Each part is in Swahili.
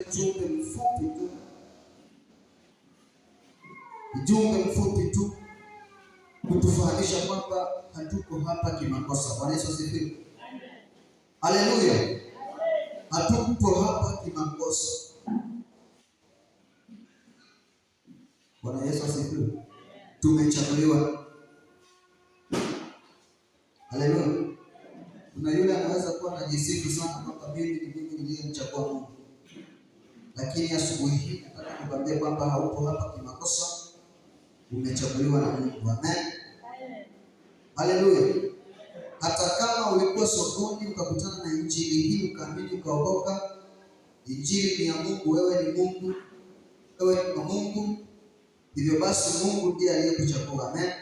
Ujumbe mfupi tu, ujumbe mfupi tu kutufahamisha kwamba hatuko hapa kimakosa. Bwana Yesu asifiwe, haleluya. Hatuko hapa kimakosa. Bwana Yesu asifiwe, tumechaguliwa. Haleluya. Kuna yule anaweza kuwa anajisifu sana kwamba mimi ni mimi niliyemchagua Mungu lakini asubuhi hii nataka nikwambie kwamba hauko hapa kimakosa, umechaguliwa na Mungu. Amen, haleluya. Hata kama ulikuwa sokoni ukakutana na injili hii ukaamini ukaokoka, injili ni ya Mungu. Wewe ni Mungu, wewe ni Mungu. Hivyo basi, Mungu ndiye aliyekuchagua. Amen.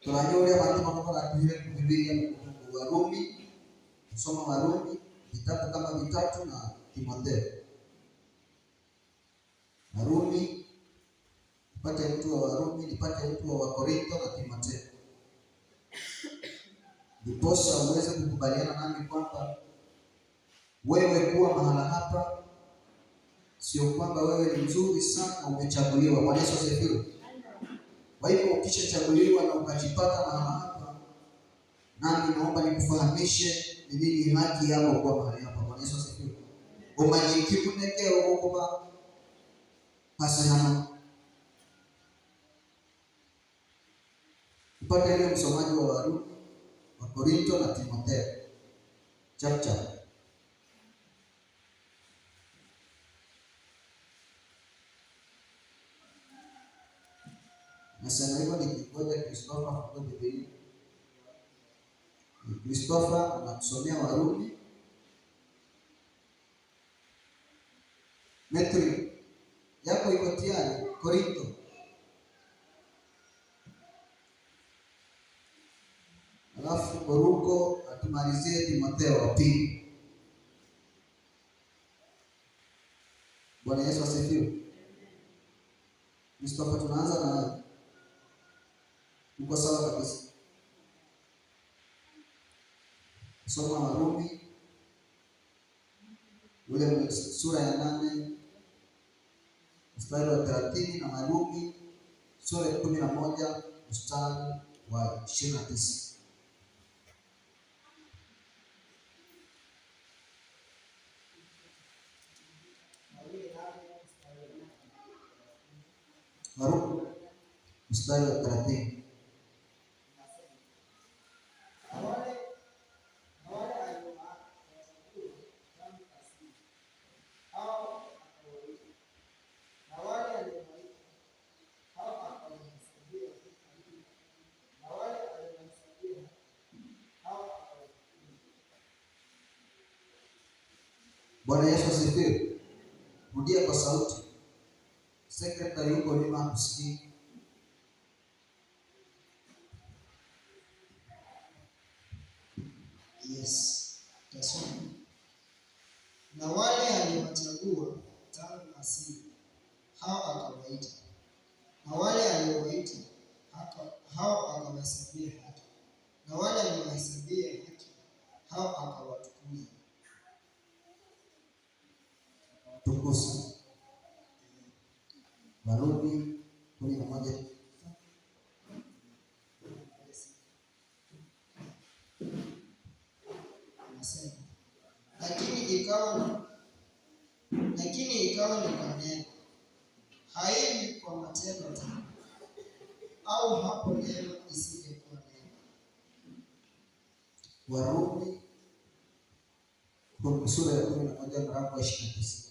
Turanyore abantu bakora kwire kubibiri ya Warumi kusoma Warumi vitabu kama vitatu na Timotheo. Warumi nipate mtu wa Warumi, nipate mtu wa Korintho na Timotheo, ndiposa uweze kukubaliana nami kwamba wewe kuwa mahala hapa sio kwamba wewe ni mzuri sana umechaguliwa. Bwana Yesu asifiwe. Kwa hivyo ukishachaguliwa na ukajipata mahala hapa, nami naomba nikufahamishe bibiri haki yabo kuba mahali hapa. Bwana Yesu asifiwe. umanyika ibuneke okuba hasi hano mpate ile msomaji wa Warumi wa Korinto na Timotheo chapter nasema hivyo nikingoja Kristofa fungue Biblia Christopher anatusomea Warumi. Metri yako iko tayari. Korinto alafu Koruko atumalizie Timotheo wa pili. Bwana Yesu asifiwe. Christopher, tunaanza na uko sawa kabisa. soma Warumi ule sura ya nane mstari wa thelathini na Warumi sura ya kumi na moja mstari wa ishirini na tisa. Warumi mstari wa thelathini maskini. Yes, tasoma. Na wale aliowachagua tangu asili, hao akawaita, na wale aliowaita hao akawahesabia haki, na wale aliowahesabia haki, hao akawatukuza. Tukuza Warumi kumi na moja lakini ikawa lakini ikawa ni kwa neno, haendi kwa matendo au hapo neno isingekuwa neno. Warumi sura ya kumi na moja mlango wa ishirini na tisa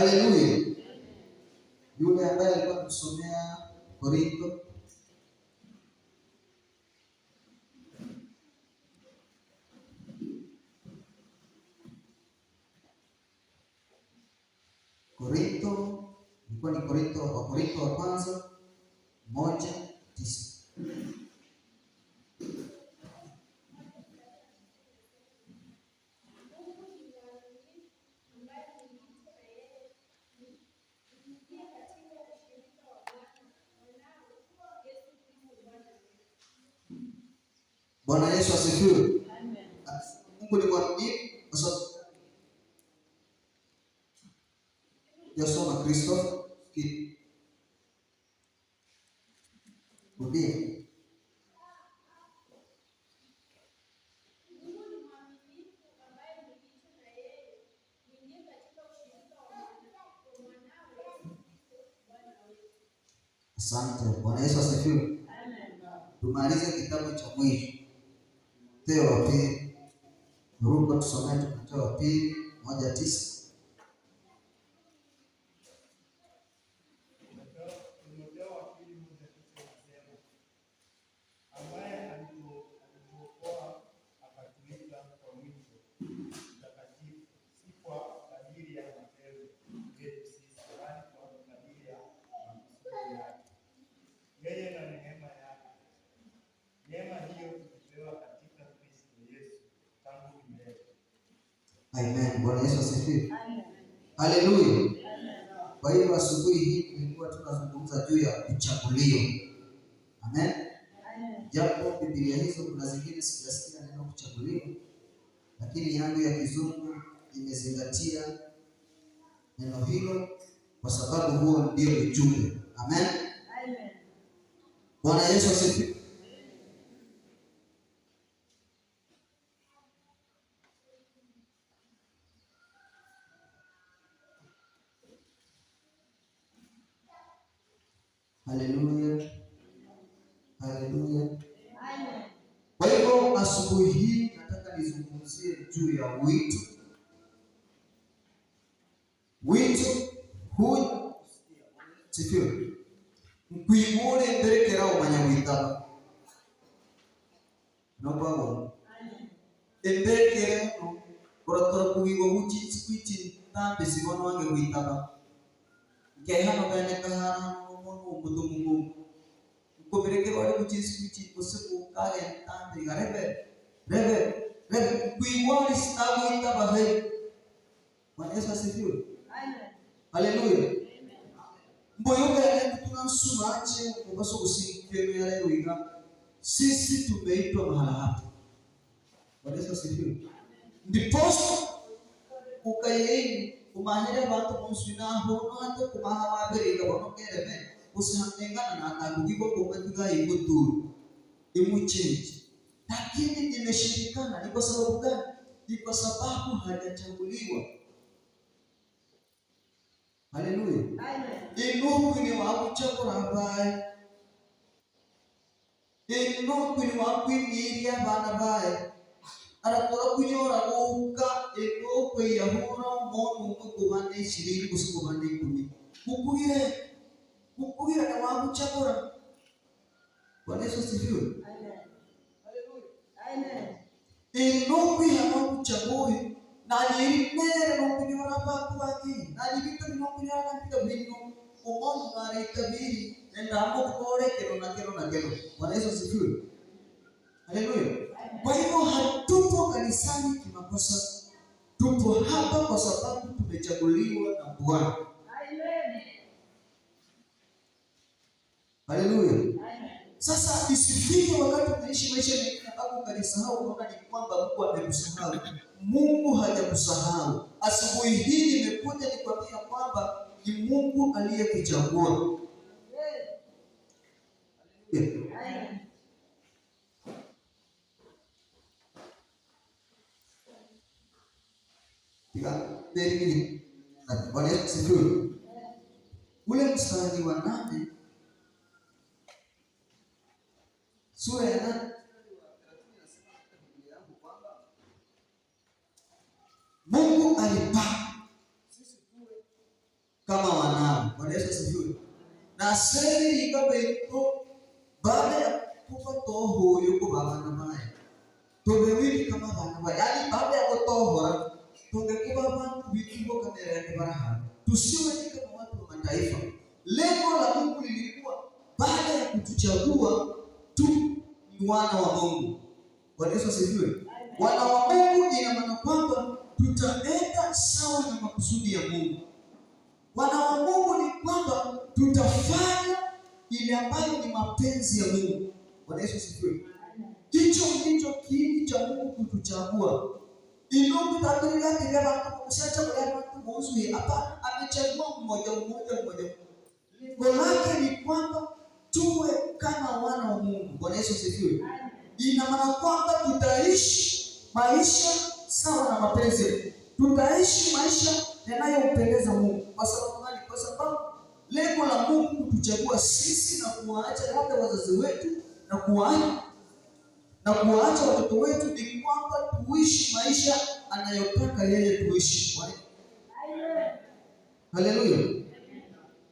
Haleluya! Yule ambaye alikuwa akisomea Korintho Eu sou o Christopher, que Amen. Bwana Yesu asifiwe. Haleluya. Kwa hiyo asubuhi hii tumekuwa tunazungumza juu ya kuchaguliwa. Amen. Japo Biblia hizo kuna zingine sijasikia neno kuchaguliwa, lakini yangu ya kizungu imezingatia neno hilo kwa sababu huo ndio ujumbe. Amen. Bwana Yesu asifiwe. juu ya wito wito huyu sifiwe mkwimure mberekera umanyamwitaka nokwabona emberekere uratora kuwiwa wukitsi kwikitambe sibona wange mwitaka nkehano ganekahana nomuntu umutu mungu nkuberekere wari wukitsi kwiki usiku kage ntambe garebe rebe Bwana Yesu asifiwe. Haleluya. Mboyoga tunamsuma nje ubaso gusinkemera rero wiga. Sisi tumeitwa mahala hapa. Bwana Yesu asifiwe. Ndiposo ukayeni umahera bantu kumsinaho n'abantu kumaha wabiriga banogereme usangengana na kandugigo kumatiga iguturu imuchenje lakini imeshindikana. Ni kwa sababu gani? Ni kwa sababu hajachaguliwa. Haleluya! Enoki ni wakuchakuravaye enoki ni wakwimiria vana vaye arakora kunyora guka enoki umuntu umwe ishirini gusa ikumi kukugira kukugira ni wakuchakura. Bwana Yesu asifiwe. Amen inokwi hamakuchagohi nalirimere nokunyora vakuvahi nalivito linokunyora kampito vino umonvareitaviri endambo kutore kero na kero na kero bwana yesu asifiwe haleluya kwa hivyo hatupo kanisani kimakosa tupo hapa kwa sababu tumechaguliwa na bwana haleluya sasa isifike wakati unaishi maisha mengine ambapo ukajisahau kwamba ni kwamba Mungu amekusahau. Mungu hajakusahau. Asubuhi hii nimekuja nikwambia kwamba ni Mungu aliyekuchagua. Ule mstari wa nane sura ya Mungu alipaa sisi tuwe kama wanao. Bwana Yesu asifiwe. Na seri ikaba ilipo baada ya kufa toho yuko babana baye tubewili kama bana baye, yaani baada ya kutohora tungekuwa bantu vitungo kamera yake baraha, tusiwe kama watu wa mataifa. Lengo la Mungu lilikuwa baada ya kutuchagua tu ni wana wa Mungu. Bwana Yesu asifiwe. Wana wa Mungu ina maana kwamba tutaenda sawa na makusudi ya Mungu. Wana wa Mungu ni kwamba tutafanya ile ambayo ni mapenzi ya Mungu. Bwana Yesu asifiwe. Hicho ndicho kiini cha Mungu kutuchagua iliokutabirilia kile bantu kwa hapa amechagua mmoja mmoja mmoja. Lengo lake ni kwamba tuwe kama wana wa Mungu. Bwana Yesu asifiwe. Ina maana kwamba tutaishi maisha sawa na mapenzi, tutaishi maisha yanayompendeza Mungu. Kwa sababu gani? Kwa sababu lengo la Mungu kutuchagua sisi na kuwaacha labda wazazi wetu na kuwaacha na kuwaacha watoto wetu ni kwamba tuishi maisha anayotaka yeye tuishi. Haleluya!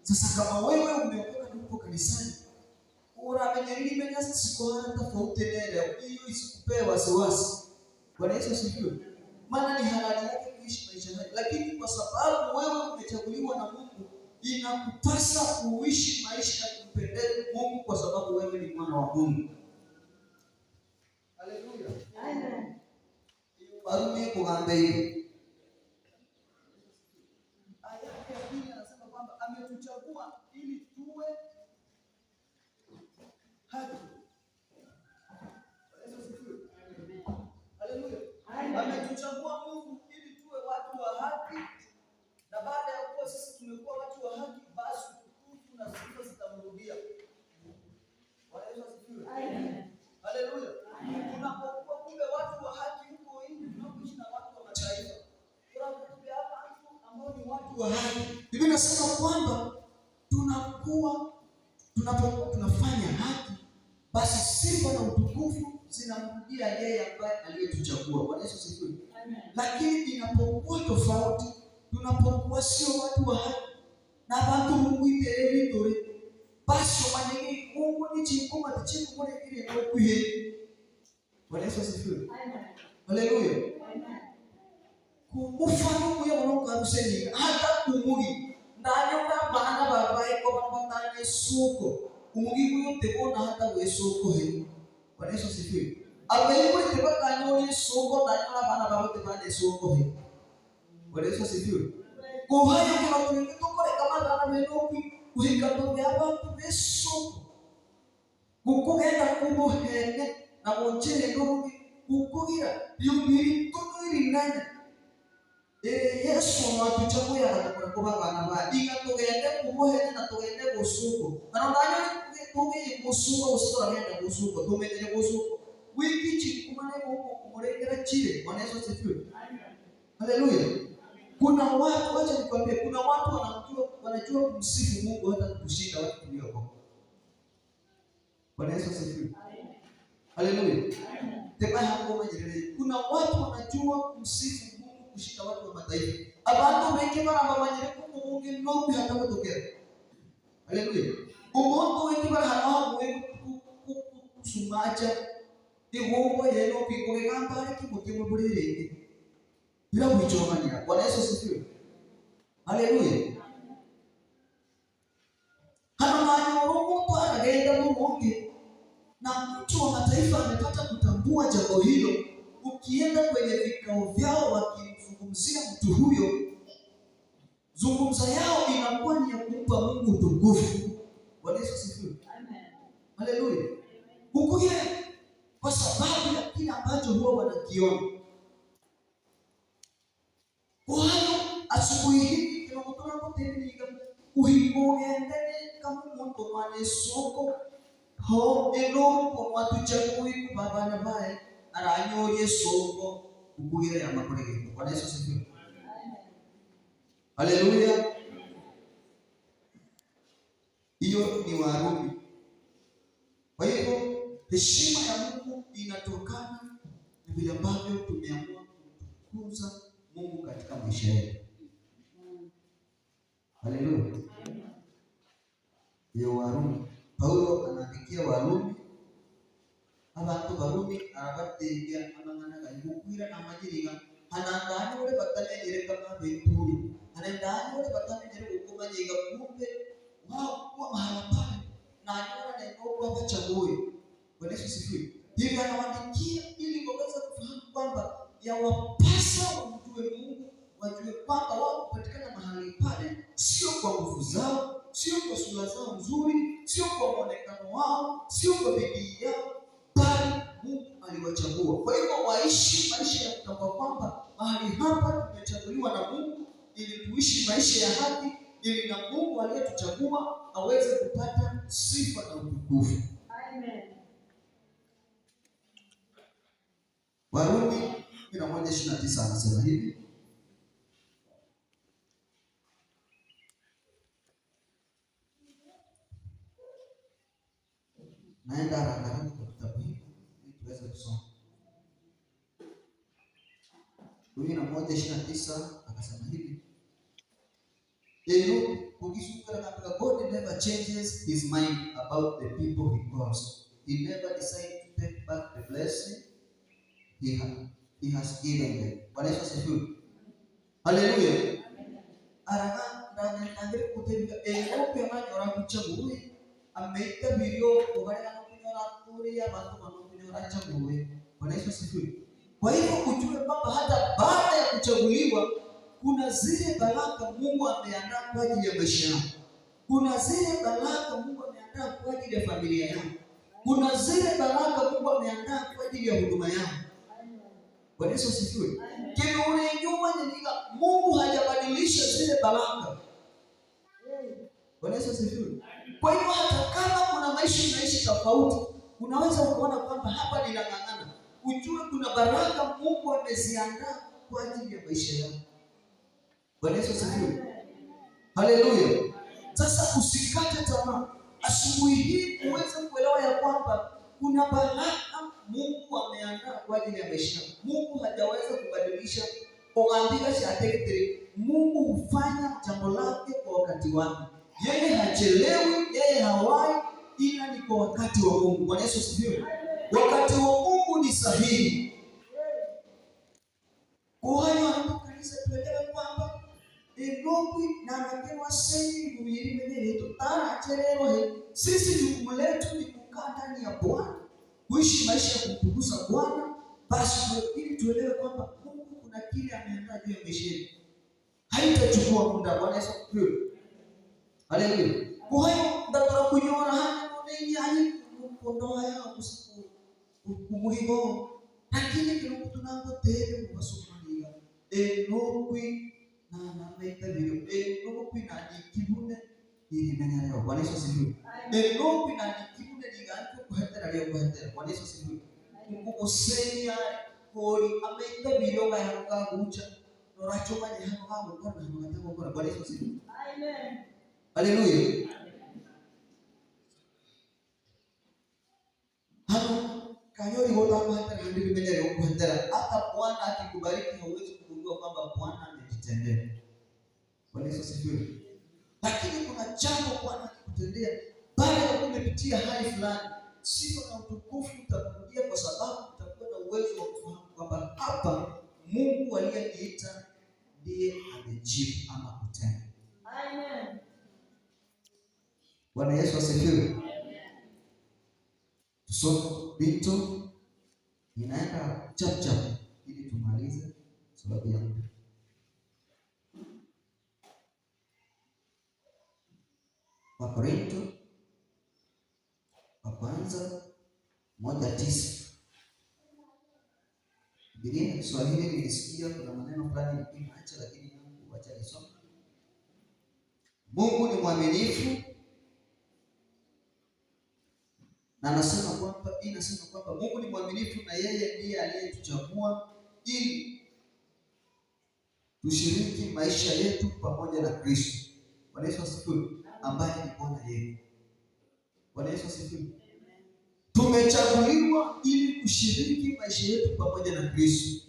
Sasa kama wewe umeokoka, uko kanisani uramenye nilimenya sikuona tofauti leo, hiyo isikupee wasiwasi. Bwana Yesu asifiwe. Maana ni halali yake kuishi maisha haya, lakini kwa sababu wewe umechaguliwa na Mungu, inakupasa kuishi maisha ya kumpendeza Mungu, kwa sababu wewe ni mwana wa Mungu. Haleluya, amen. Barumie kuhambe hiyo haki. Ametuchagua Mungu ili tuwe watu wa haki, na baada ya kuwa sisi tumekuwa watu wa haki, basi utukufu na sifa zitamrudia. Haleluya! Tunapokuwa kumbe watu wa haki huko nje, tunapoishi na watu wa mataifa, tunapokuja hapa ambao ni watu wa haki, Biblia inasema kwamba tunakuwa tunapokuwa zinamjia yeye ambaye aliyetuchagua. Bwana Yesu asifiwe. Lakini inapokuwa tofauti, tunapokuwa sio watu wa haki na watu vantu mumwiterere tore basi manyengi Mungu ni chikuma tichiku kule kile na kuye. Bwana Yesu asifiwe. Haleluya. Kumufano kuya mwangu arusenyi hata kumugi ndani ya bana baba iko bana ndani soko kumugi kuyo tebona hata wesoko kuhe Bwana Yesu asifiwe. Alivyokuwa kwa kanyoni songo na nyama bana baba te bana songo he. Bwana Yesu asifiwe. Kwa hiyo kuna mwingine tokore kama bana menoki kuhika tumbe hapa tumeso. Kukugenda kubo hene na mwenye ndugu kukugira yubiri tunuri nani Ee, Yesu watuchaguya na tukakubagana ndiga tugende kubuhene na tugende gusuko na ndanyo tugi gusuko usora gende gusuko tumenye gusuko wiki chikumane huko kumurengera chile Bwana Yesu asifiwe Haleluya kuna watu acha nikwambie kuna watu wanajua wanajua kumsifu Mungu hata kushinda watu tulioko Bwana Yesu asifiwe Haleluya Tena hapo majerere kuna watu wanajua kumsifu kushika watu wa mataifa abantu wengi barabamanyire ko umuhungu no kwihata gutokera haleluya umuntu wengi kusumacha ni wongo yeno kwikore kambare kimutima burerenge bila kuichomanira bwana yesu asifiwe haleluya Kama hano hanyura umuntu anagenda n'ubundi na mtu wa mataifa amepata kutambua jambo hilo ukienda kwenye vikao vyao waki kumzungumzia mtu huyo, zungumza yao inakuwa ni ya kumpa Mungu utukufu. Bwana Yesu asifiwe. Amen. Haleluya. Huku ye kwa sababu ya kile ambacho huwa wanakiona. Kwa hiyo asubuhi hii tunakutana kutendiga kuhimo endele kama mtu mwana soko ho eno kwa watu chakui kubabana bae aranyorie soko kuhubiri ya makulegeko. Bwana Yesu asifiwe. Haleluya. Hiyo ni Warumi. Kwa hivyo heshima ya Mungu inatokana na vile ambavyo tumeamua kumtukuza Mungu katika maisha yetu. Haleluya. wao kuwa mahala pale na aliona na kuwapa cha Bwana Yesu sifiwe. Hivyo anawaandikia ili waweze kufahamu kwamba yawapasa wamjue Mungu, wajue kwamba wao kupatikana mahali pale sio kwa nguvu zao, sio kwa sura zao nzuri, sio kwa mwonekano wao, sio kwa bidii yao, bali Mungu aliwachagua. Kwa hivyo waishi maisha ya kutambua kwamba mahali hapa tumechaguliwa na Mungu ili tuishi maisha ya haki ili na Mungu aliyetuchagua aweze kupata sifa na utukufu. Amen. Warumi 11:29 anasema hivi. Naenda haraka kwa kitabu hiki tuweze kusoma. Warumi 11:29 akasema hivi. Eliud ukishuka katika God never changes his mind about the people he calls. He never decides to take back the blessing he, ha he has given them. Bwana Yesu asifiwe. Haleluya. Araka ndani ndani kutembea Eliud pia maana orakuchagui ameita video kubalia na kunyora turi ya watu wanaonyora chaguwe. Bwana Yesu asifiwe. Kwa hivyo kujue kwamba hata baada ya kuchaguliwa kuna zile baraka Mungu ameandaa kwa ajili ya maisha yako. Kuna zile baraka Mungu ameandaa kwa ajili ya familia yako. Kuna zile baraka Mungu ameandaa kwa ajili ya huduma yako. Bwana Yesu asifiwe. Kile ule nyuma nilika Mungu hajabadilisha zile baraka. Bwana Yesu asifiwe. Kwa hiyo hata kama kuna maisha unaishi tofauti, unaweza kuona kwamba hapa ninang'ang'ana. Ujue kuna baraka Mungu ameziandaa kwa ajili ya maisha yako. Bwana Yesu asifiwe. Haleluya. Sasa usikate tamaa. Asubuhi hii uweze kuelewa ya kwamba kuna baraka Mungu ameandaa kwa ajili ya maisha. Mungu hajaweza kubadilisha kuandika cha territory. Mungu hufanya jambo lake kwa wakati wake. Yeye hachelewi, yeye hawai, ila ni kwa wakati wa Mungu. Bwana Yesu asifiwe. Wakati wa Mungu ni sahihi. Kuhani anatoka ameandikiwa wasemi kuhubiri Injili yetu. he Sisi jukumu letu ni kukaa ndani ya Bwana, kuishi maisha ya kumtukuza Bwana, basi ili tuelewe kwamba Mungu kuna kile ameandaa juu ya maisha yetu. Haitachukua muda. Bwana Yesu asifiwe. Haleluya. Kwa hiyo ndatara kuiona hata mwenye hali kuondoa yao kusiku kumuhigo. Lakini kile tunapotea kwa Somalia. Enokwi na nahitabiri enoopi nalikibune lirinanyareo bwana yesu asifiwe enoopi yang liganke kuhetera lyokuhetera bwana yesu asifiwe mukuguseya Yesu asifiwe. Lakini kuna jambo Bwana akikutendea baada ya kumepitia hali fulani, sifa na utukufu utakurudia, kwa sababu utakuwa na uwezo wa kufahamu kwamba hapa Mungu aliyeniita ndiye amejibu ama kutenda. Amen. Bwana Yesu asifiwe. Tusome vitu inaenda chap chap ili tumalize sababu ya Wakorinto wa kwanza moja tisa. Biblia ya Kiswahili nilisikia kuna maneno fulani nikiacha, lakini Mungu acha nisome. Mungu ni mwaminifu na anasema kwamba inasema kwamba Mungu ni mwaminifu na yeye ndiye aliyetuchagua ili tushiriki maisha yetu pamoja na Kristo. Bwana Yesu asifiwe ambaye ni Bwana yeye. Bwana Yesu asifiwe. Tumechaguliwa ili kushiriki maisha yetu pamoja na Kristo.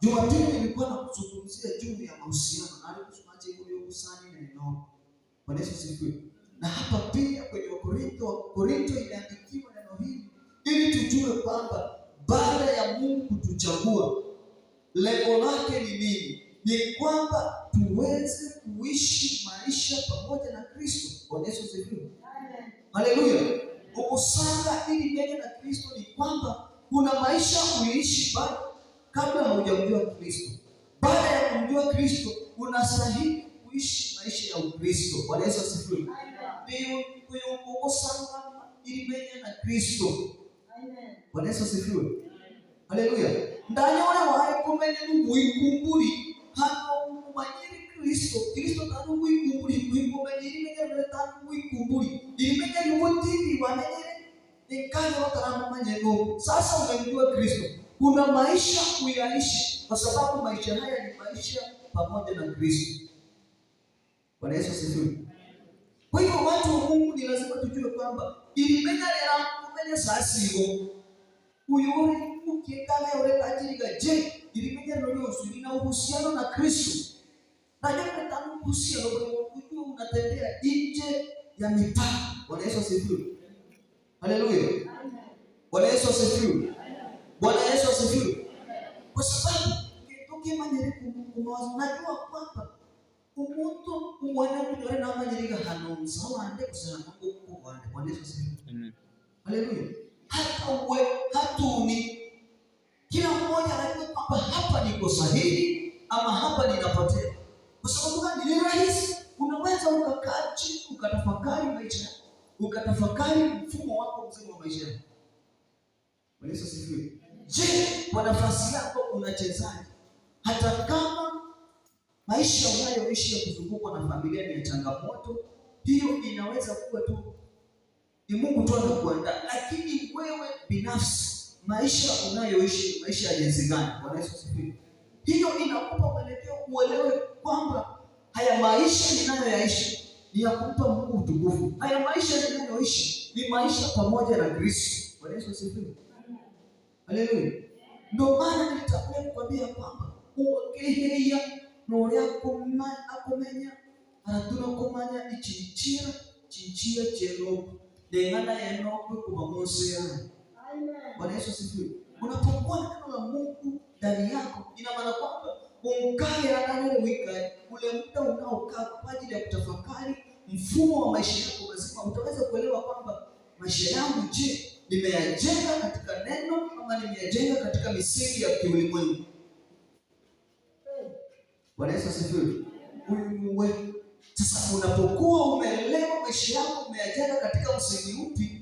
Jumapili nilikuwa kuzungumzia juu ya mahusiano neno. Bwana Yesu asifiwe. Na hapa pia kwenye Wakorintho, Korintho inaandikiwa neno hili ili tujue kwamba baada ya Mungu kutuchagua lengo lake ni nini? Ni kwamba tuweze kuishi maisha pamoja na Kristo. Bwana Yesu asifiwe. Haleluya. Ukusanga ili mbele na Kristo ni kwamba kuna maisha uiishi bado kabla haujamjua Kristo. Baada ya kumjua Kristo unastahili kuishi maisha ya Ukristo. Bwana Yesu asifiwe. Ukusanga ili mbele na Kristo. Bwana Yesu asifiwe. Haleluya. ndanyole wari kumene ikumbuli hano mu banyiri kristo kristo tari uw'ikumburi wigomanye n'imenya tari uw'ikumburi irimenya y'ubutindi wamenyere ni kazi sasa umemjua kristo kuna maisha kuyaishi kwa sababu maisha haya ni maisha pamoja na kristo bwana yesu asifiwe kwa hivyo watu wa mungu ni lazima tujue kwamba ilimenya rera kumenya sasigo uyuri ukiekana uretajiriga je ilikuja lolosi ina uhusiano na Kristo, lakini kama unatembea nje ya mipaka. Bwana Yesu asifiwe, haleluya! Bwana Yesu asifiwe, Bwana Yesu asifiwe. Kwa sababu tukimanyiri kumawazo, najua kwamba umuntu umwana kutore namanyiriga hanonza wande kusana ngo Bwana Yesu asifiwe, haleluya. Hata uwe hatuni kila mmoja anajua kwamba hapa niko sahihi ama hapa ninapotea. Kwa sababu gani? Ni rahisi, unaweza ukakaa chini ukatafakari maisha yako, ukatafakari mfumo wako mzima wa maisha yako. Bwana Yesu asifiwe. Je, kwa nafasi yako unachezaje? Hata kama maisha unayoishi ya kuzungukwa na familia ni ya changamoto, hiyo inaweza kuwa tu ni Mungu tu anakuandaa, lakini wewe binafsi maisha unayoishi ni maisha ya jinsi gani? Bwana Yesu asifiwe. Hiyo inakupa mwelekeo uelewe kwamba haya maisha ninayoyaishi ni ya kumpa Mungu utukufu. Haya maisha ninayoishi ni maisha pamoja na Kristo. Bwana Yesu asifiwe. Haleluya. Ndio maana nilitakuja kukwambia kwamba uwakeheia noria akomenya aratuna komanya ichinchira chinchira chenobu deng'ana yenobwe kumamoso yayo Bwana Yesu asifiwe. Unapokuwa na neno la Mungu ndani yako, ina maana kwamba ungali analowika ule muda unaokaa kwa ajili ya kutafakari mfumo wa maisha yako, lazima utaweza kuelewa kwamba maisha yangu, je, nimeyajenga katika neno ama nimeyajenga katika misingi ya kiulimwengu? Bwana Yesu asifiwe. sasa, unapokuwa umeelewa maisha yako umeyajenga katika msingi upi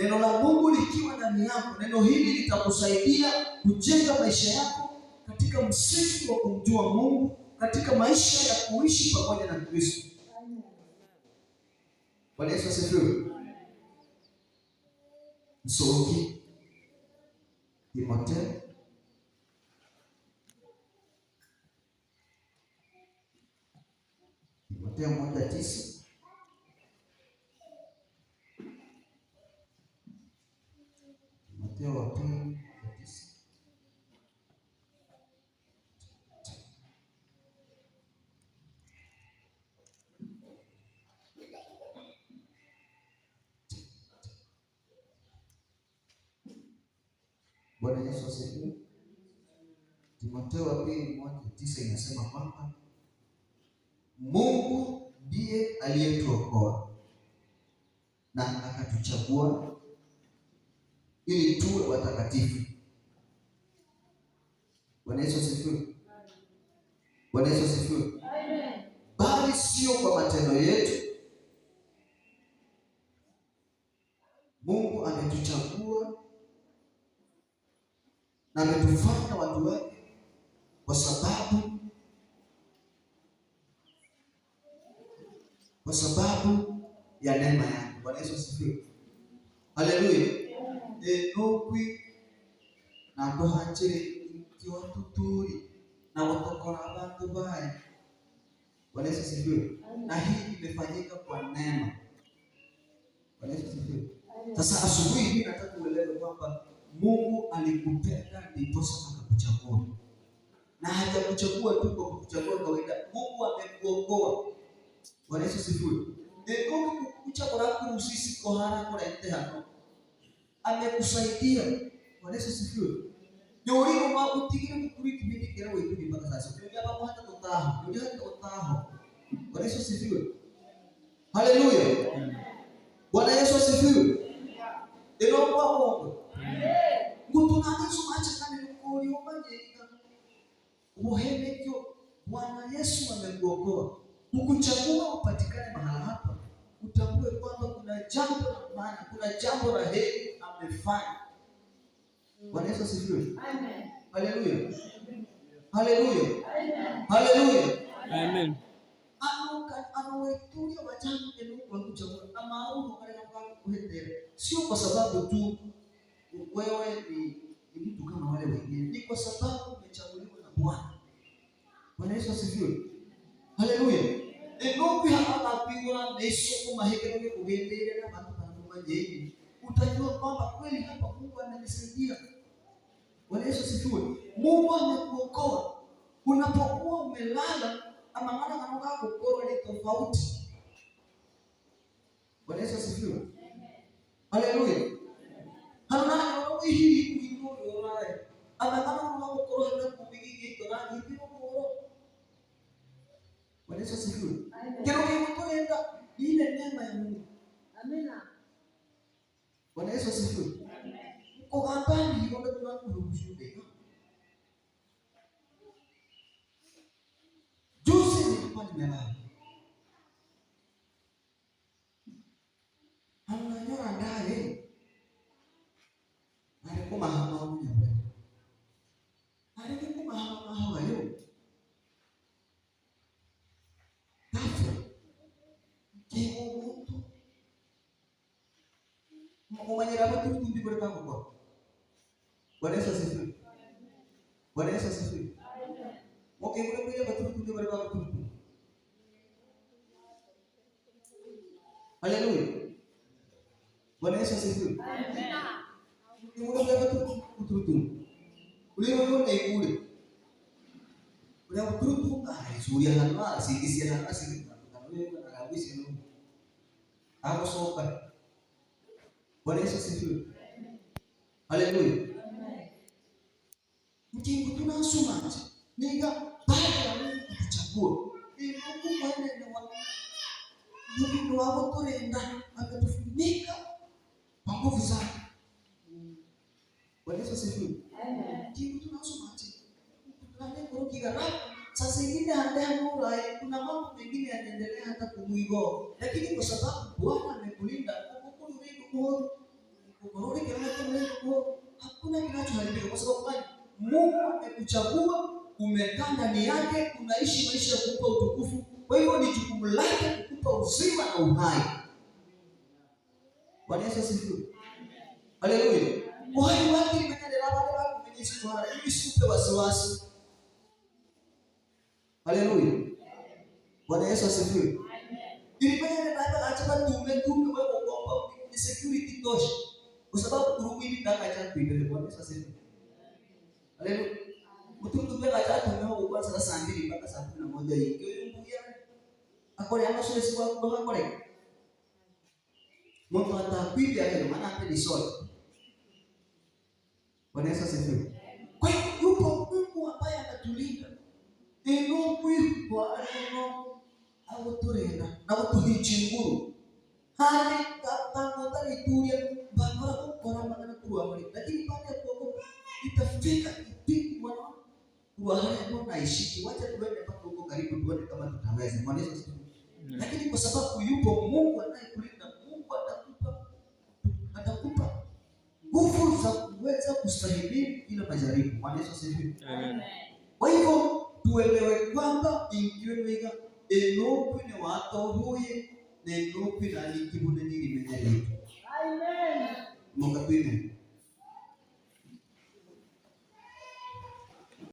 Neno la Mungu likiwa ndani yako, neno hili litakusaidia kujenga maisha yako katika msingi wa kumjua Mungu, katika maisha ya kuishi pamoja na Kristo. Bwana Yesu asifiwe. Msomi Timotheo alituchagua ili tuwe watakatifu. Bwana Yesu asifiwe. Bwana Yesu asifiwe. Amen. Bali sio kwa matendo yetu. Mungu ametuchagua na ametufanya watu wake kwa sababu kwa sababu ya neema yake. Bwana Yesu asifiwe. Haleluya. Enokwi nakuhanjire ikiwa tuturi na kutokora abantu bayo. Bwana Yesu asifiwe. Na hii imefanyika kwa nema Bwana Sasa asubuhi hii nataka uelewe kwamba Mungu alikupenda ndiposa akakuchagua. Na hajakuchagua tu kwa kukuchagua kawaida. Mungu amekuokoa. Bwana Mungu kukucha kuraku usisi kohara kurete hano. Amekusaidia. Bwana Yesu sifiwe. Nyori ngoma utigire mukuri kibindi kera wetu ni mpaka sasa. Nyori hapa kwa hata totaho. Nyori hata totaho. Bwana Yesu sifiwe. Haleluya. Bwana Yesu sifiwe. Eno kwa Ngutu na Yesu acha kama nikuri umanyika. Ubohemekyo Bwana Yesu amekuokoa. Mkuchagua upatikane mahala hapa utambue kwamba kuna jambo la maana, kuna jambo la heri amefanya. Bwana Yesu asifiwe. Amen. Haleluya. Haleluya. Haleluya. Amen. Anawetulia wajana neno kwa kuchagua amauno katika kwa kuhendera. Sio kwa sababu tu wewe ni, ni mtu kama wale wengine. Ni kwa sababu umechaguliwa na Bwana. Bwana Yesu asifiwe. Haleluya nĩgũkuĩha atapingũra nĩicio kũmahĩkĩrĩria kũgĩtĩrĩra matukanu utajua kwamba kweli hapa Mungu ananisaidia. Bwana Yesu asifiwe. Mungu amekuokoa. Unapokuwa umelala ama mara kanoka tofauti. Bwana Yesu asifiwe. Haleluya. Hana hili Bwana Yesu asifiwe. Kero kikoenda ile neema ya Mungu. Amina. Bwana Yesu asifiwe. Uko hapandi ngombe kwa Mungu kushinde. Juzi nilikuwa nimelala. Ananyora ndale. Eh. Alikuwa mahama huyo. Alikuwa mahama Bíblia para Boleh pô. Vanessa Sifu. Oke, boleh punya betul betul. Haleluya. Vanessa Sifu. Amin. Udah punya betul betul betul. Udah udah kayak udah. Udah betul tuh, ah, suya hanwa, sih sih hanwa sih. Aku sopan. Vanessa Sifu. Haleluya. Mkingu tunasu manje niga baada ya Mungu kutuchagua ni Mungu mwenye ni wa Mungu ndo wako kurenda ametufunika kwa nguvu zake. Bwana Yesu asifiwe. Amen. Mkingu tunasu manje tunataka kurukia rafu sasa ingine hata mura eh, kuna mambo mengine yanaendelea hata kumwigo, lakini kwa sababu Bwana amekulinda kukukulinda kukukulinda ukarudi katika Mungu hakuna kinachoharibika kwa sababu gani? Mungu amekuchagua, umekaa ndani yake, unaishi maisha ya kukupa utukufu. Kwa hiyo ni jukumu lake kukupa uzima na uhai. Bwana Yesu asifiwe. Haleluya. Uhai wake umeendelea baada ya kumjisi Bwana ili usikupe wasiwasi. Haleluya. Bwana Yesu asifiwe. Amen. Ili baada ya hata tumetumwa kwa kuomba security tosha. Kwa sababu kuruku hivi ndaka acha kuibele kwa Yesu asifiwe. Haleluya. Mtundu bega acha tumeo kwa kwanza saa 2 mpaka saa 11 hiyo. Kwa hiyo mbuya akore ama sio siku kwa kwa kore. Mungu atakwibia yale maana hapo ni sote. apa yang asifiwe. Kwa hiyo yupo Mungu ambaye anatulinda. Eno kwirwa arino aguturenda na gutuhichinguru. Hali tangu tarituria bangora gukora magana kuruhamurira lakini baada ya kuokoka itafika kipindi Bwana kuwahayo na ishiki, wacha tuende mpaka huko karibu tuone kama tutaweza. Bwana Yesu Lakini kwa sababu yupo Mungu anayekulinda, Mungu atakupa atakupa nguvu za kuweza kustahimili kila majaribu. Bwana Yesu asifiwe. Amen. Kwa hivyo tuelewe kwamba ingiwega enokwine watohoye nenokwina alikibu nenili Mungu